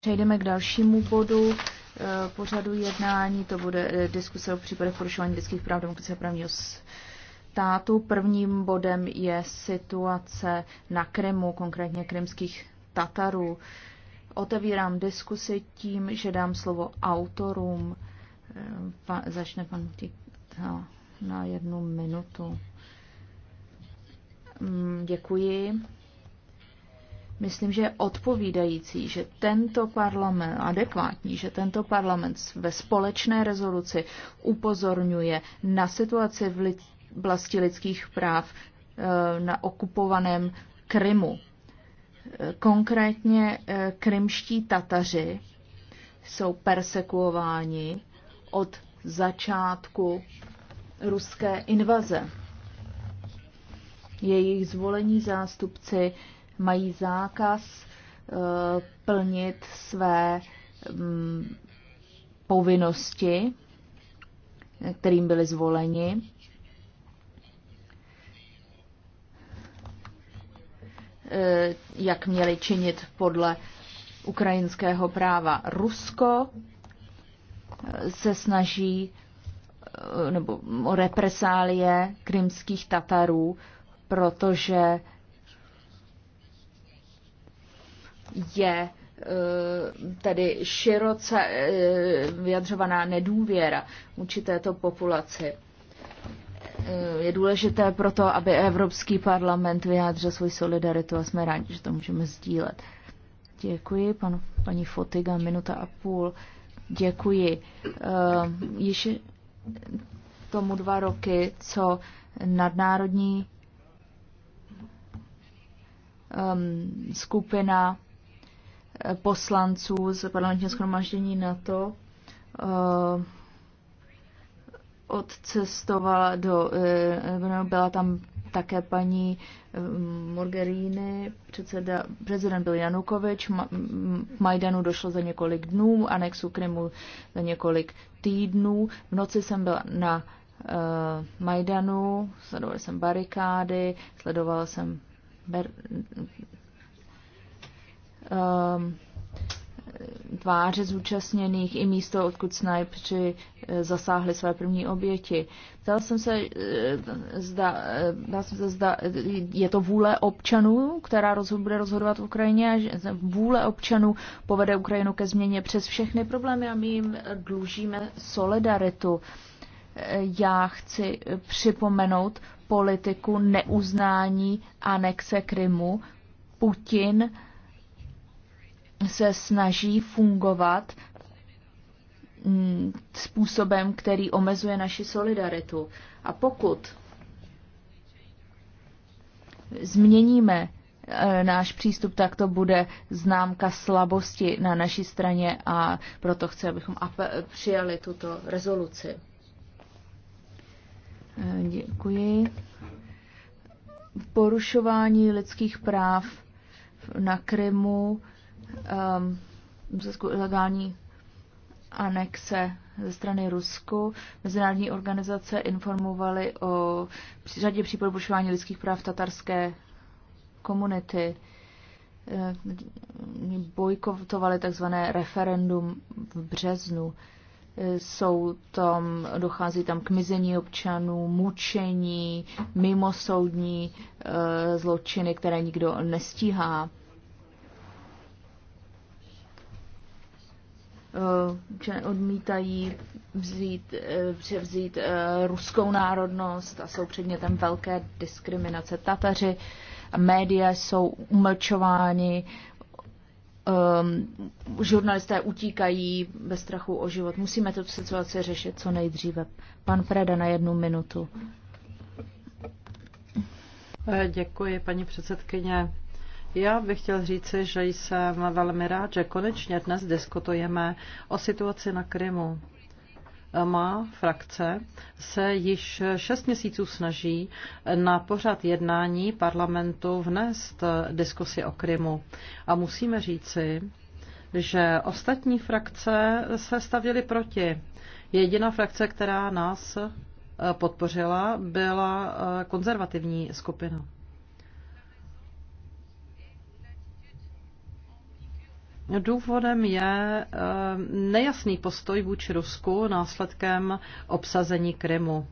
Přejdeme k dalšímu bodu eh, pořadu jednání, to bude eh, diskuse o případech porušování lidských práv demokracie a právního státu. Prvním bodem je situace na Krymu, konkrétně krymských Tatarů. Otevírám diskusi tím, že dám slovo autorům. Eh, pa, začne pan Tita no, na jednu minutu. Mm, děkuji myslím, že je odpovídající, že tento parlament, adekvátní, že tento parlament ve společné rezoluci upozorňuje na situaci v oblasti lidských práv eh, na okupovaném Krymu. Eh, konkrétně eh, krymští Tataři jsou persekuováni od začátku ruské invaze. Jejich zvolení zástupci mají zákaz eh, plnit své mm, povinnosti, kterým byli zvoleni. Eh, jak měli činit podle ukrajinského práva. Rusko eh, se snaží nebo represálie krymských Tatarů, protože je eh, tedy široce eh, vyjadřovaná nedůvěra vůči této populaci. Eh, je důležité proto, aby Evropský parlament vyjádřil svoji solidaritu a jsme rádi, že to můžeme sdílet. Děkuji, pan, paní Fotiga, minuta a půl. Děkuji. Uh, již tomu dva roky, co nadnárodní um, skupina poslanců z parlamentního schromaždění NATO eh, odcestovala do, eh, no, byla tam také paní eh, Morgerini, předseda, prezident byl Janukovič, Majdanu došlo za několik dnů, anexu Krymu za několik týdnů. V noci jsem byla na uh, Majdanu, sledoval jsem barikády, sledoval jsem ber- Um, tváře zúčastněných i místo, odkud snajpři eh, zasáhli své první oběti. Ptal jsem se, eh, zda, eh, jsem se, zda je to vůle občanů, která rozhod, bude rozhodovat v Ukrajině a že vůle občanů povede Ukrajinu ke změně přes všechny problémy a my jim dlužíme solidaritu. Já chci připomenout politiku neuznání anexe Krymu. Putin se snaží fungovat mm, způsobem, který omezuje naši solidaritu. A pokud změníme eh, náš přístup, tak to bude známka slabosti na naší straně a proto chci, abychom přijali tuto rezoluci. Eh, děkuji. Porušování lidských práv na Krymu um, zisku ilegální anexe ze strany Rusku. Mezinárodní organizace informovaly o řadě případů porušování lidských práv tatarské komunity. Eh, bojkotovali takzvané referendum v březnu. Eh, jsou tam, dochází tam k mizení občanů, mučení, mimosoudní eh, zločiny, které nikdo nestíhá. Eh, že odmítají vzít, eh, převzít eh, ruskou národnost a jsou předmětem velké diskriminace. Tataři a média jsou umlčováni, um, žurnalisté utíkají ve strachu o život. Musíme tuto situaci řešit co nejdříve. Pan Preda na jednu minutu. Děkuji, paní předsedkyně. Já bych chtěl říci, že jsem velmi rád, že konečně dnes diskutujeme o situaci na Krymu. Má frakce se již šest měsíců snaží na pořad jednání parlamentu vnést diskusi o Krymu. A musíme říci, že ostatní frakce se stavěly proti. Jediná frakce, která nás podpořila, byla konzervativní skupina. Důvodem je eh, nejasný postoj vůči Rusku následkem obsazení Krymu.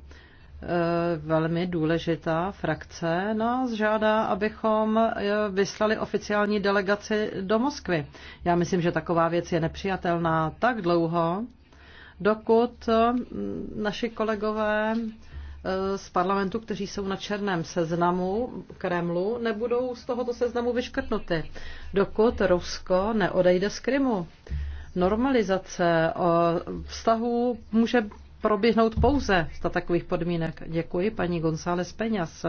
Eh, velmi důležitá frakce nás žádá, abychom eh, vyslali oficiální delegaci do Moskvy. Já myslím, že taková věc je nepřijatelná tak dlouho, dokud naši kolegové z parlamentu, kteří jsou na černém seznamu Kremlu, nebudou z tohoto seznamu vyškrtnuty, dokud Rusko neodejde z Krymu. Normalizace eh, vztahů může proběhnout pouze za takových podmínek. Děkuji paní González Peňas.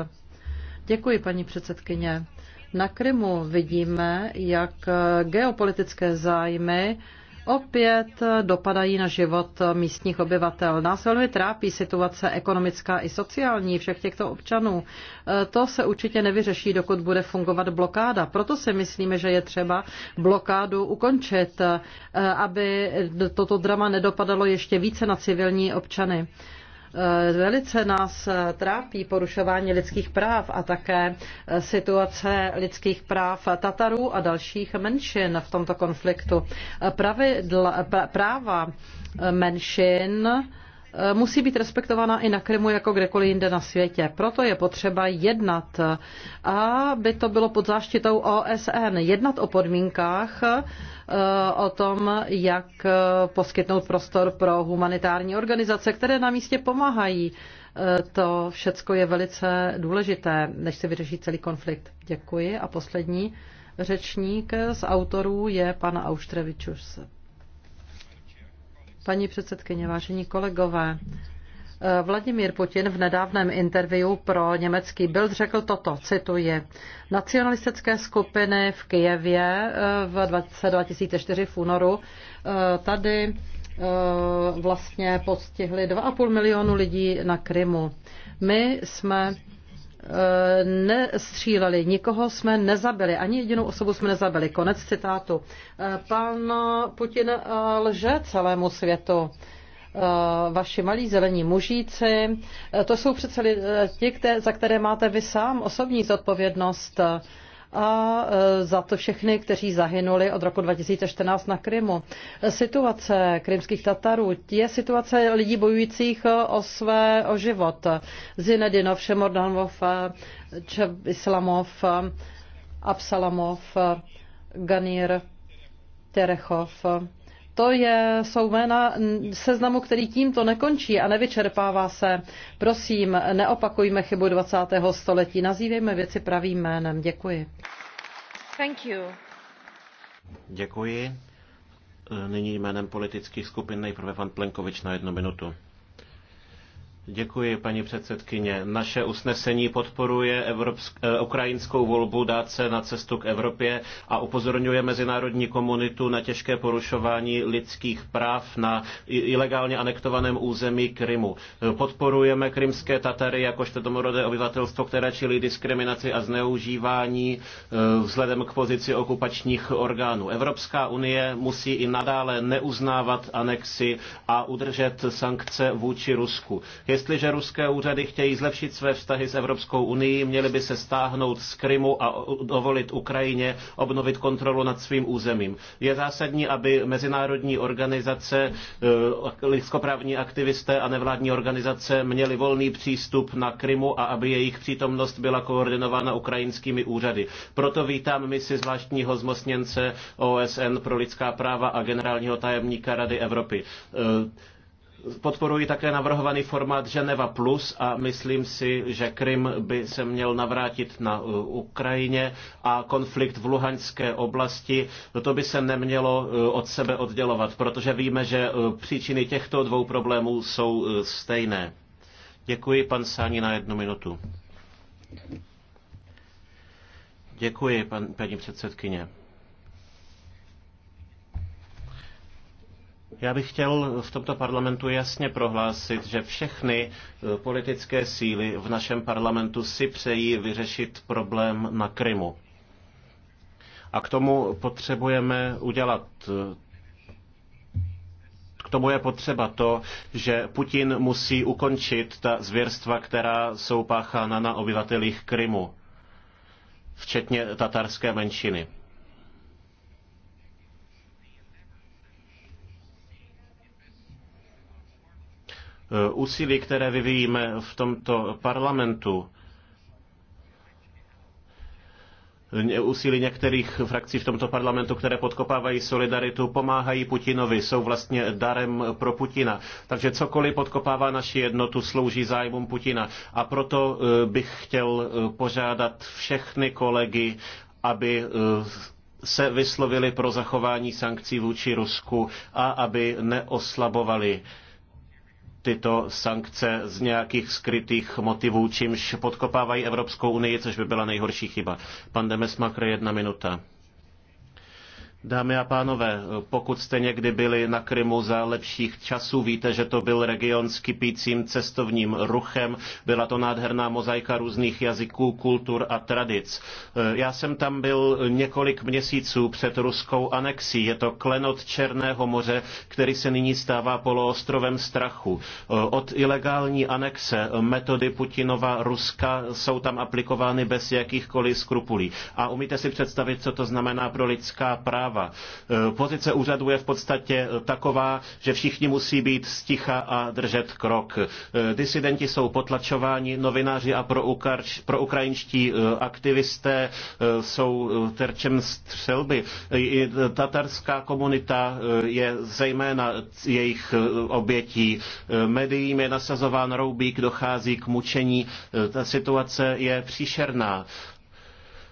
Děkuji paní předsedkyně. Na Krymu vidíme, jak eh, geopolitické zájmy opět dopadají na život místních obyvatel. Nás velmi trápí situace ekonomická i sociální všech těchto občanů. To se určitě nevyřeší, dokud bude fungovat blokáda. Proto si myslíme, že je třeba blokádu ukončit, eh, aby toto drama nedopadalo ještě více na civilní občany. Eh, velice nás eh, trápí porušování lidských práv a také eh, situace lidských práv Tatarů a dalších menšin v tomto konfliktu. Pravidla, práva menšin Eh, musí být respektována i na Krymu jako kdekoliv jinde na světě. Proto je potřeba jednat, aby to bylo pod záštitou OSN, jednat o podmínkách, eh, o tom, jak eh, poskytnout prostor pro humanitární organizace, které na místě pomáhají. To všecko je velice důležité, než se vyřeší celý konflikt. Děkuji. A poslední řečník z autorů je pan Auštrevičus. Paní předsedkyně, vážení kolegové, eh, Vladimír Putin v nedávném interviu pro německý Bild řekl toto, cituji, nacionalistické skupiny v Kijevě eh, v 2004 v únoru eh, tady vlastně postihly 2,5 milionu lidí na Krymu. My jsme Eh, nestříleli, nikoho jsme nezabili, ani jedinou osobu jsme nezabili. Konec citátu. Eh, pan Putin eh, lže celému světu vaši malí zelení mužíci. To jsou přece ti, za které máte vy sám osobní zodpovědnost a e, za to všechny, kteří zahynuli od roku 2014 na Krymu. Situace krymských Tatarů je situace lidí bojujících o své o život. Zinedinov, Šemordanov, Islamov, Absalamov, Ganir, Terechov, to je, jsou jména seznamu, který tímto nekončí a nevyčerpává se. Prosím, neopakujme chybu 20. století, nazývejme věci pravým jménem. Děkuji. Thank you. Děkuji. Nyní jménem politických skupin nejprve pan Plenkovič na jednu minutu. Děkuji, paní předsedkyně. Naše usnesení podporuje evropsk, eh, ukrajinskou volbu dát se na cestu k Evropě a upozorňuje mezinárodní komunitu na těžké porušování lidských práv na ilegálně anektovaném území Krymu. Podporujeme krymské Tatary jakožto domorodé obyvatelstvo, které čili diskriminaci a zneužívání eh, vzhledem k pozici okupačních orgánů. Evropská unie musí i nadále neuznávat anexi a udržet sankce vůči Rusku. Je Jestliže ruské úřady chtějí zlepšit své vztahy s Evropskou unii, měly by se stáhnout z Krymu a dovolit Ukrajině obnovit kontrolu nad svým územím. Je zásadní, aby mezinárodní organizace, eh, lidskoprávní aktivisté a nevládní organizace měli volný přístup na Krymu a aby jejich přítomnost byla koordinována ukrajinskými úřady. Proto vítám misi zvláštního zmocněnce OSN pro lidská práva a generálního tajemníka Rady Evropy. Eh, Podporuji také navrhovaný formát Ženeva Plus a myslím si, že Krym by se měl navrátit na uh, Ukrajině a konflikt v Luhanské oblasti, to by se nemělo uh, od sebe oddělovat, protože víme, že uh, příčiny těchto dvou problémů jsou stejné. Děkuji, pan Sáni, na jednu minutu. Děkuji, pan, paní předsedkyně. Já bych chtěl v tomto parlamentu jasně prohlásit, že všechny eh, politické síly v našem parlamentu si přejí vyřešit problém na Krymu. A k tomu potřebujeme udělat eh, k tomu je potřeba to, že Putin musí ukončit ta zvěrstva, která jsou páchána na obyvatelích Krymu, včetně tatarské menšiny. Eh, úsilí, které vyvíjíme v tomto parlamentu, úsilí některých frakcí v tomto parlamentu, které podkopávají solidaritu, pomáhají Putinovi, jsou vlastně darem pro Putina. Takže cokoliv podkopává naši jednotu, slouží zájmům Putina. A proto eh, bych chtěl eh, požádat všechny kolegy, aby se vyslovili pro zachování sankcí vůči Rusku a aby neoslabovali tyto sankce z nějakých skrytých motivů, čímž podkopávají Evropskou unii, což by byla nejhorší chyba. Pan Demesmakr, jedna minuta. Dámy a pánové, pokud jste někdy byli na Krymu za lepších časů, víte, že to byl region s kypícím cestovním ruchem. Byla to nádherná mozaika různých jazyků, kultur a tradic. Já jsem tam byl několik měsíců před ruskou anexí. Je to klenot Černého moře, který se nyní stává poloostrovem strachu. Od ilegální anexe metody Putinova Ruska jsou tam aplikovány bez jakýchkoliv skrupulí. A umíte si představit, co to znamená pro lidská práva? práva. E, pozice úřadu je v podstatě taková, že všichni musí být sticha a držet krok. E, disidenti jsou potlačováni, novináři a proukrajinští e, aktivisté jsou terčem střelby. I tatarská komunita je zejména jejich obětí. Médiím je nasazován roubík, dochází k mučení. Ta situace je příšerná.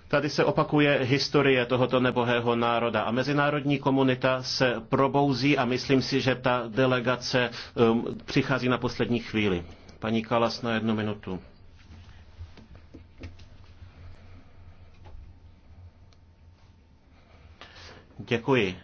Tady se opakuje historie tohoto nebohého národa a mezinárodní komunita se probouzí a myslím si, že ta delegace um, přichází na poslední chvíli. Paní Kalas na jednu minutu. Děkuji.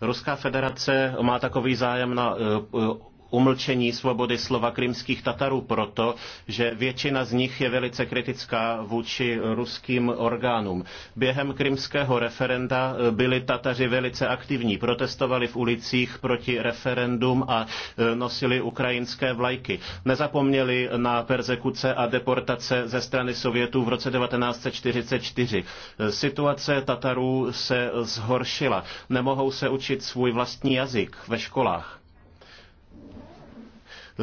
Ruská federace má takový zájem na uh, uh, umlčení svobody slova krymských Tatarů proto, že většina z nich je velice kritická vůči ruským orgánům. Během krymského referenda byli Tataři velice aktivní, protestovali v ulicích proti referendum a e, nosili ukrajinské vlajky. Nezapomněli na persekuce a deportace ze strany Sovětů v roce 1944. Situace Tatarů se zhoršila. Nemohou se učit svůj vlastní jazyk ve školách.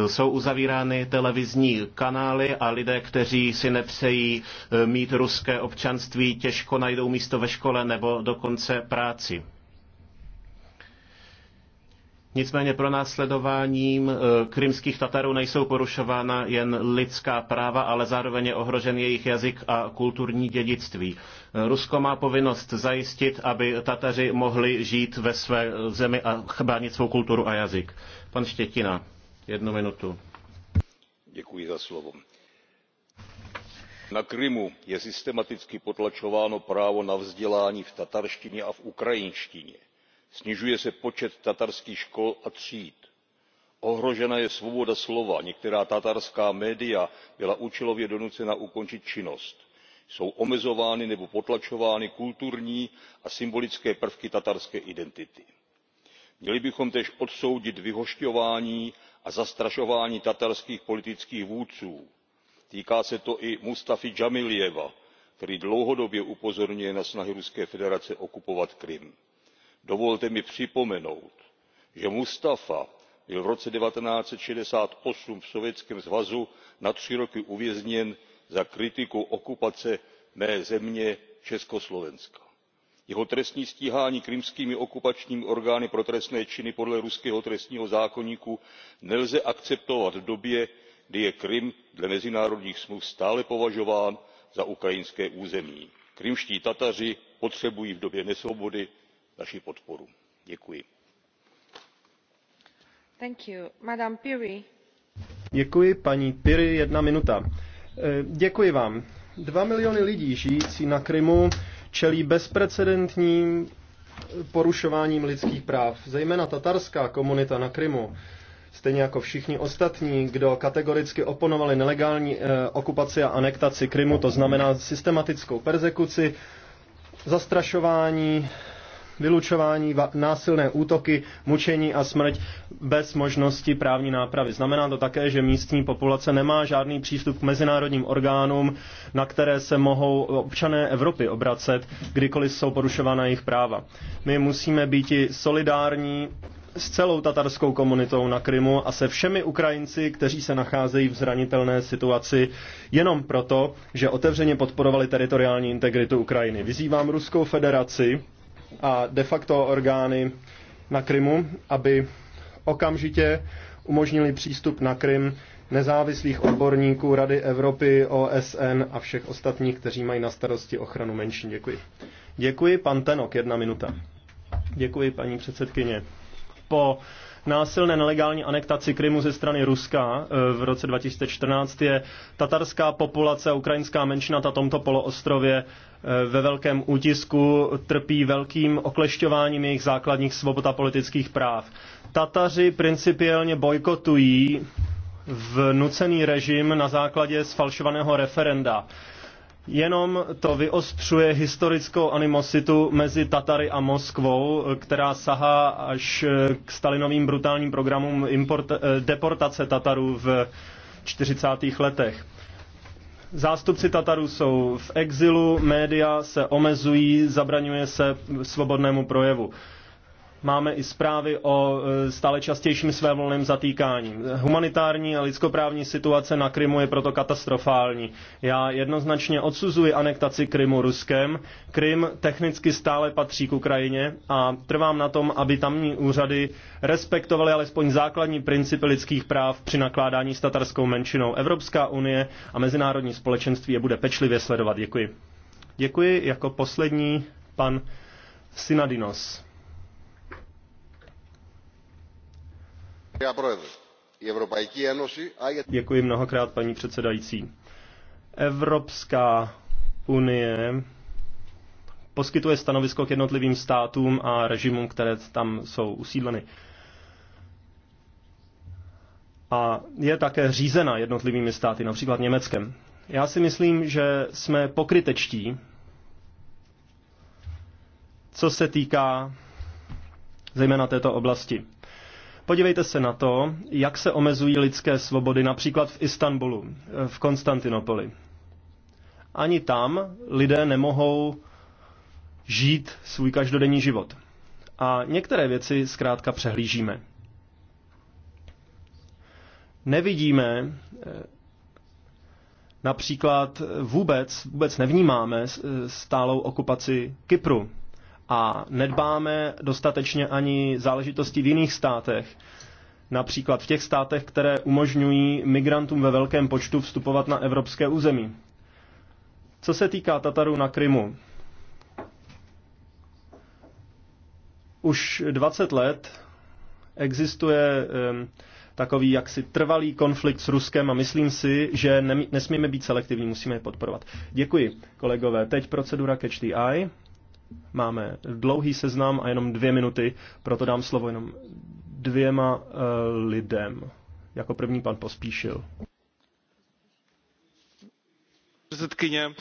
Jsou uzavírány televizní kanály a lidé, kteří si nepřejí eh, mít ruské občanství, těžko najdou místo ve škole nebo dokonce práci. Nicméně pro následováním eh, krymských Tatarů nejsou porušována jen lidská práva, ale zároveň je ohrožen jejich jazyk a kulturní dědictví. Eh, Rusko má povinnost zajistit, aby Tataři mohli žít ve své zemi a chránit svou kulturu a jazyk. Pan Štětina. Jednu minutu. Děkuji za slovo. Na Krymu je systematicky potlačováno právo na vzdělání v tatarštině a v ukrajinštině. Snižuje se počet tatarských škol a tříd. Ohrožena je svoboda slova. Některá tatarská média byla účelově donucena ukončit činnost jsou omezovány nebo potlačovány kulturní a symbolické prvky tatarské identity. měli bychom též odsoudit vyhošťování a zastrašování tatarských politických vůdců. týká se to i mustafy džamilijeva který dlouhodobě upozorňuje na snahy ruské federace okupovat krym. dovolte mi připomenout že mustafa byl v roce one thousand nine hundred and sixty eight v sovětském svazu na tři roky uvězněn za kritiku okupace mé země československa jeho trestní stíhání krymskými okupačními orgány pro trestné činy podle ruského trestního zákoníku nelze akceptovat v době kdy je krym dle mezinárodních smluv stále považován za ukrajinské území. krymští tataři potřebují v době nesvobody naši podporu. děkuji. Děkuji paní Piri, jedna minuta. Eh, děkuji vám. Dva miliony lidí žijící na čelí bezprecedentním porušováním lidských práv. Zejména tatarská komunita na Krymu, stejně jako všichni ostatní, kdo kategoricky oponovali nelegální e, okupaci a anektaci Krymu, to znamená systematickou persekuci, zastrašování, vylučování, násilné útoky, mučení a smrt bez možnosti právní nápravy. Znamená to také, že místní populace nemá žádný přístup k mezinárodním orgánům, na které se mohou občané Evropy obracet, kdykoliv jsou porušována jejich práva. My musíme být solidární s celou tatarskou komunitou na Krymu a se všemi Ukrajinci, kteří se nacházejí v zranitelné situaci jenom proto, že otevřeně podporovali teritoriální integritu Ukrajiny. Vyzývám Ruskou federaci, a de facto orgány na Krymu, aby okamžitě umožnili přístup na Krym nezávislých odborníků Rady Evropy, OSN a všech ostatních, kteří mají na starosti ochranu menšin. Děkuji. Děkuji, pan Tenok, jedna minuta. Děkuji, paní předsedkyně. Po násilné nelegální anektaci Krymu ze strany Ruska eh, v roce 2014 je tatarská populace a ukrajinská menšina na tomto poloostrově Eh, ve velkém útisku trpí velkým oklešťováním jejich základních svobod a politických práv. Tataři principiálně bojkotují vnucený režim na základě sfalšovaného referenda. Jenom to vyostřuje historickou animositu mezi Tatary a Moskvou, která sahá až k stalinovým brutálním programům import, eh, deportace Tatarů v 40. letech. Zástupci Tatarů jsou v exilu, média se omezují, zabraňuje se svobodnému projevu máme i zprávy o e, stále častějším svévolném zatýkání. Humanitární a lidskoprávní situace na Krymu je proto katastrofální. Já jednoznačně odsuzuji anektaci Krymu Ruskem. Krym technicky stále patří k Ukrajině a trvám na tom, aby tamní úřady respektovaly alespoň základní principy lidských práv při nakládání s tatarskou menšinou. Evropská unie a mezinárodní společenství je bude pečlivě sledovat. Děkuji. Děkuji. Jako poslední pan Synadinos. Děkuji mnohokrát, paní předsedající. Evropská unie poskytuje stanovisko k jednotlivým státům a režimům, které tam jsou usídleny. A je také řízena jednotlivými státy, například Německem. Já si myslím, že jsme pokrytečtí, co se týká zejména této oblasti. Podívejte se na to, jak se omezují lidské svobody například v Istanbulu, v Konstantinopoli. Ani tam lidé nemohou žít svůj každodenní život. A některé věci zkrátka přehlížíme. Nevidíme eh, například vůbec, vůbec nevnímáme eh, stálou okupaci Kypru a nedbáme dostatečně ani záležitosti v jiných státech. Například v těch státech, které umožňují migrantům ve velkém počtu vstupovat na evropské území. Co se týká Tatarů na Krymu, už 20 let existuje takový jaksi trvalý konflikt s Ruskem a myslím si, že nesmíme být selektivní, musíme je podporovat. Děkuji, kolegové. Teď procedura Catch the Eye. Máme dlouhý seznam a jenom dvě minuty, proto dám slovo jenom dvěma uh, lidem. Jako první pan Pospíšil. Předsedkyně,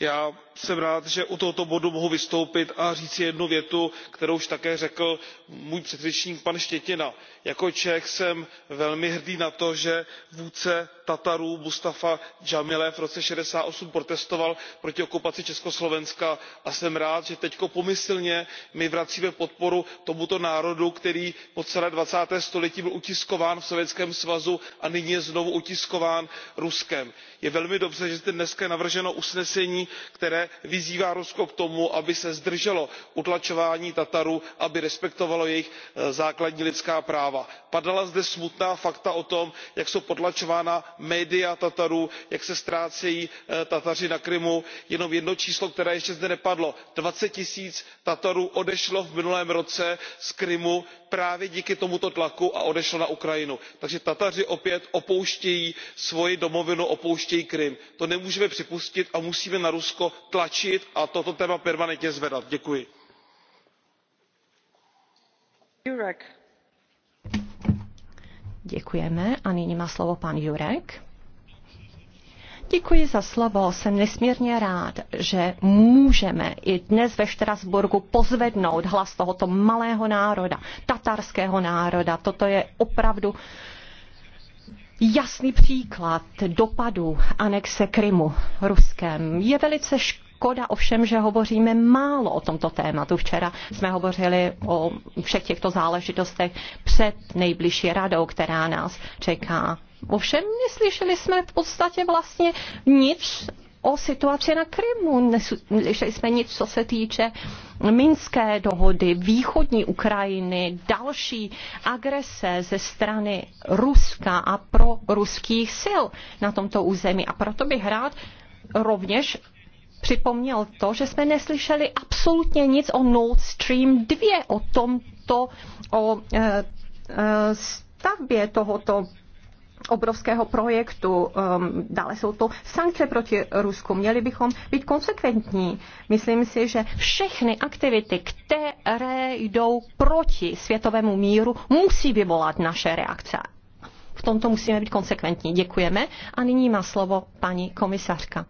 já jsem rád, že u tohoto bodu mohu vystoupit a říci jednu větu, kterou už také řekl můj předřečník pan Štětina. Jako Čech jsem velmi hrdý na to, že vůdce tatarů mustafa džamilev v roce one thousand nine hundred and sixty eight protestoval proti okupaci československa a jsem rád že teď pomyslně my vracíme podporu tomuto národu který po celé dvacáté století byl utiskován v sovětském svazu a nyní je znovu utiskován ruskem. je velmi dobře že zde dnes je navrženo usnesení které vyzývá rusko k tomu aby se zdrželo utlačování tatarů aby respektovalo jejich eh, základní lidská práva. padala zde smutná fakta o tom jak jsou potlačována média tatarů jak se ztrácejí eh, tataři na krymu. jenom jedno číslo které ještě zde nepadlo dvacet tisíc tatarů odešlo v minulém roce z krymu právě díky tomuto tlaku a odešlo na ukrajinu. takže tataři opět opouštějí svoji domovinu opouštějí krym. to nemůžeme připustit a musíme na rusko tlačit a toto téma permanentně zvedat. děkuji. Děkujeme a nyní má slovo pan Jurek. Děkuji za slovo. Jsem nesmírně rád, že můžeme i dnes ve Štrasburgu pozvednout hlas tohoto malého národa, tatarského národa. Toto je opravdu jasný příklad dopadu anexe Krymu Ruskem. Je velice škodlivý Škoda ovšem, že hovoříme málo o tomto tématu. Včera jsme hovořili o všech těchto záležitostech před nejbližší radou, která nás čeká. Ovšem neslyšeli jsme v podstatě vlastně nic o situaci na Krymu. Neslyšeli jsme nic, co se týče Minské dohody, východní Ukrajiny, další agrese ze strany Ruska a pro ruských sil na tomto území. A proto bych rád rovněž připomněl to, že jsme neslyšeli absolutně nic o Nord Stream 2, o tomto, o e, e, stavbě tohoto obrovského projektu, ehm, dále jsou to sankce proti Rusku. Měli bychom být konsekventní. Myslím si, že všechny aktivity, které jdou proti světovému míru, musí vyvolat naše reakce. V tomto musíme být konsekventní. Děkujeme. A nyní má slovo paní komisařka.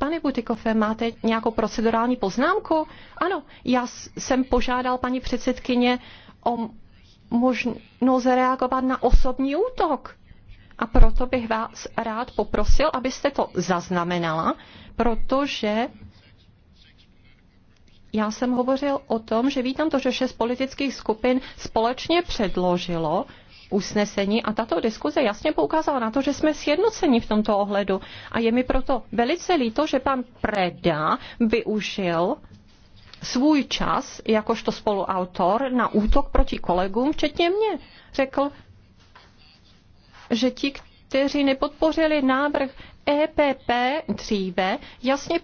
Pane Butikofe, máte nějakou procedurální poznámku? Ano, já jsem požádal paní předsedkyně o možnost zareagovat na osobní útok. A proto bych vás rád poprosil, abyste to zaznamenala, protože já jsem hovořil o tom, že vítám to, že šest politických skupin společně předložilo usnesení a tato diskuze jasně poukázala na to, že jsme sjednoceni v tomto ohledu. A je mi proto velice líto, že pan Preda využil svůj čas jakožto spoluautor na útok proti kolegům, včetně mě. Řekl, že ti, kteří nepodpořili návrh EPP dříve, jasně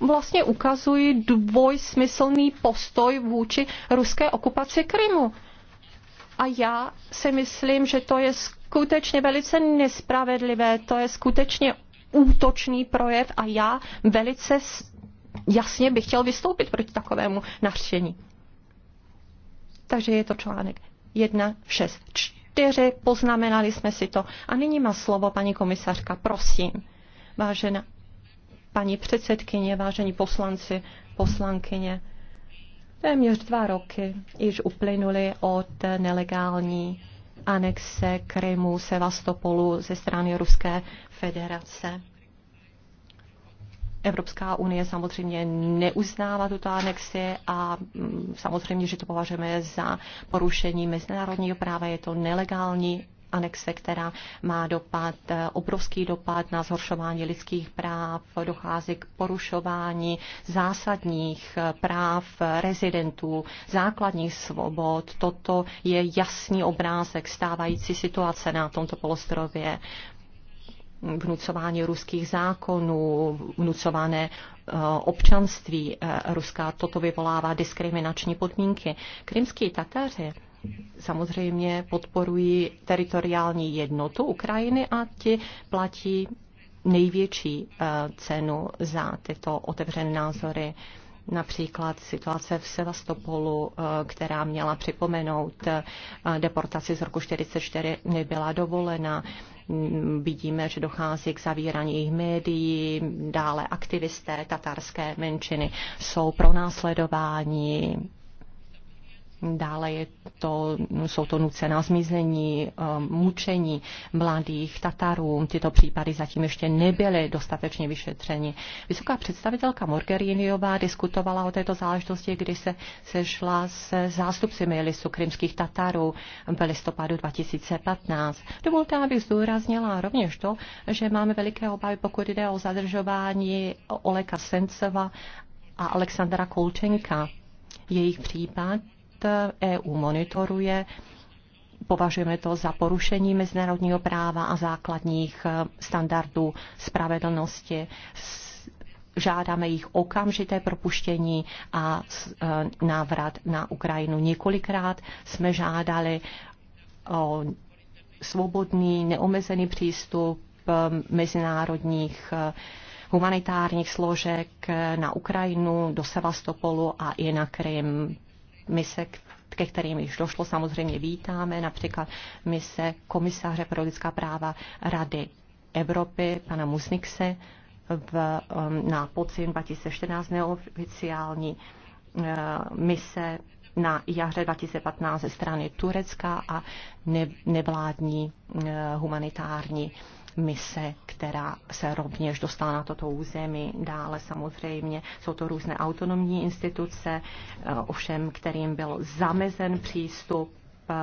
vlastně ukazují dvojsmyslný postoj vůči ruské okupaci Krymu. A já si myslím, že to je skutečně velice nespravedlivé, to je skutečně útočný projev a já velice jasně bych chtěl vystoupit proti takovému nařčení. Takže je to článek 1, 6, 4, poznamenali jsme si to. A nyní má slovo paní komisařka, prosím. Vážená paní předsedkyně, vážení poslanci, poslankyně, Téměř dva roky již uplynuly od nelegální anexe Krymu, Sevastopolu ze strany Ruské federace. Evropská unie samozřejmě neuznává tuto anexi a mm, samozřejmě, že to považujeme za porušení mezinárodního práva, je to nelegální anexe, která má dopad, eh, obrovský dopad na zhoršování lidských práv, dochází k porušování zásadních eh, práv rezidentů, základních svobod. Toto je jasný obrázek stávající situace na tomto polostrově vnucování ruských zákonů, vnucované eh, občanství Ruska. Toto vyvolává diskriminační podmínky. Krymský Tataři samozřejmě podporují teritoriální jednotu Ukrajiny a ti platí největší eh, cenu za tyto otevřené názory. Například situace v Sevastopolu, eh, která měla připomenout eh, deportaci z roku 1944, nebyla dovolena mm, vidíme, že dochází k zavírání jejich médií, dále aktivisté tatarské menšiny jsou pro následování Dále je to, jsou to nucená zmizení, um, mučení mladých Tatarů. Tyto případy zatím ještě nebyly dostatečně vyšetřeny. Vysoká představitelka Morgeriniová diskutovala o této záležitosti, kdy se sešla s zástupci milisu krymských Tatarů v listopadu 2015. Dovolte, abych zdůraznila rovněž to, že máme veliké obavy, pokud jde o zadržování Oleka Sencova a Alexandra Kolčenka. Jejich případ EU e monitoruje, považujeme to za porušení mezinárodního práva a základních eh, standardů spravedlnosti. Žádáme jich okamžité propuštění a eh, návrat na Ukrajinu. Několikrát jsme žádali o svobodný, neomezený přístup eh, mezinárodních humanitárních složek na Ukrajinu, do Sevastopolu a i na Krym mise, ke kterým již došlo, samozřejmě vítáme, například mise komisáře pro lidská práva Rady Evropy, pana Musnikse, v, um, na podzim 2014 neoficiální uh, mise na jaře 2015 ze strany Turecka a nevládní uh, humanitární mise, která se rovněž dostala na toto území. Dále samozřejmě jsou to různé autonomní instituce, eh, ovšem kterým byl zamezen přístup eh,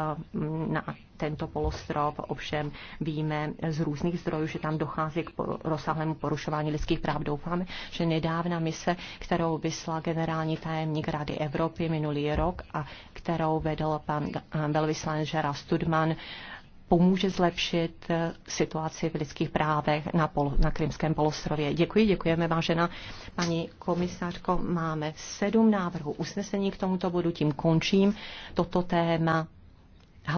na tento polostrov. Ovšem víme z různých zdrojů, že tam dochází k rozsáhlému porušování lidských práv. Doufáme, že nedávna mise, kterou vyslal generální tajemník Rady Evropy minulý rok a kterou vedl pan eh, velvyslanec Žera Studman, pomůže zlepšit eh, situaci v lidských právech na, pol, na Krymském polostrově. Děkuji, děkujeme, vážená paní komisářko. Máme sedm návrhů usnesení k tomuto bodu, tím končím toto téma.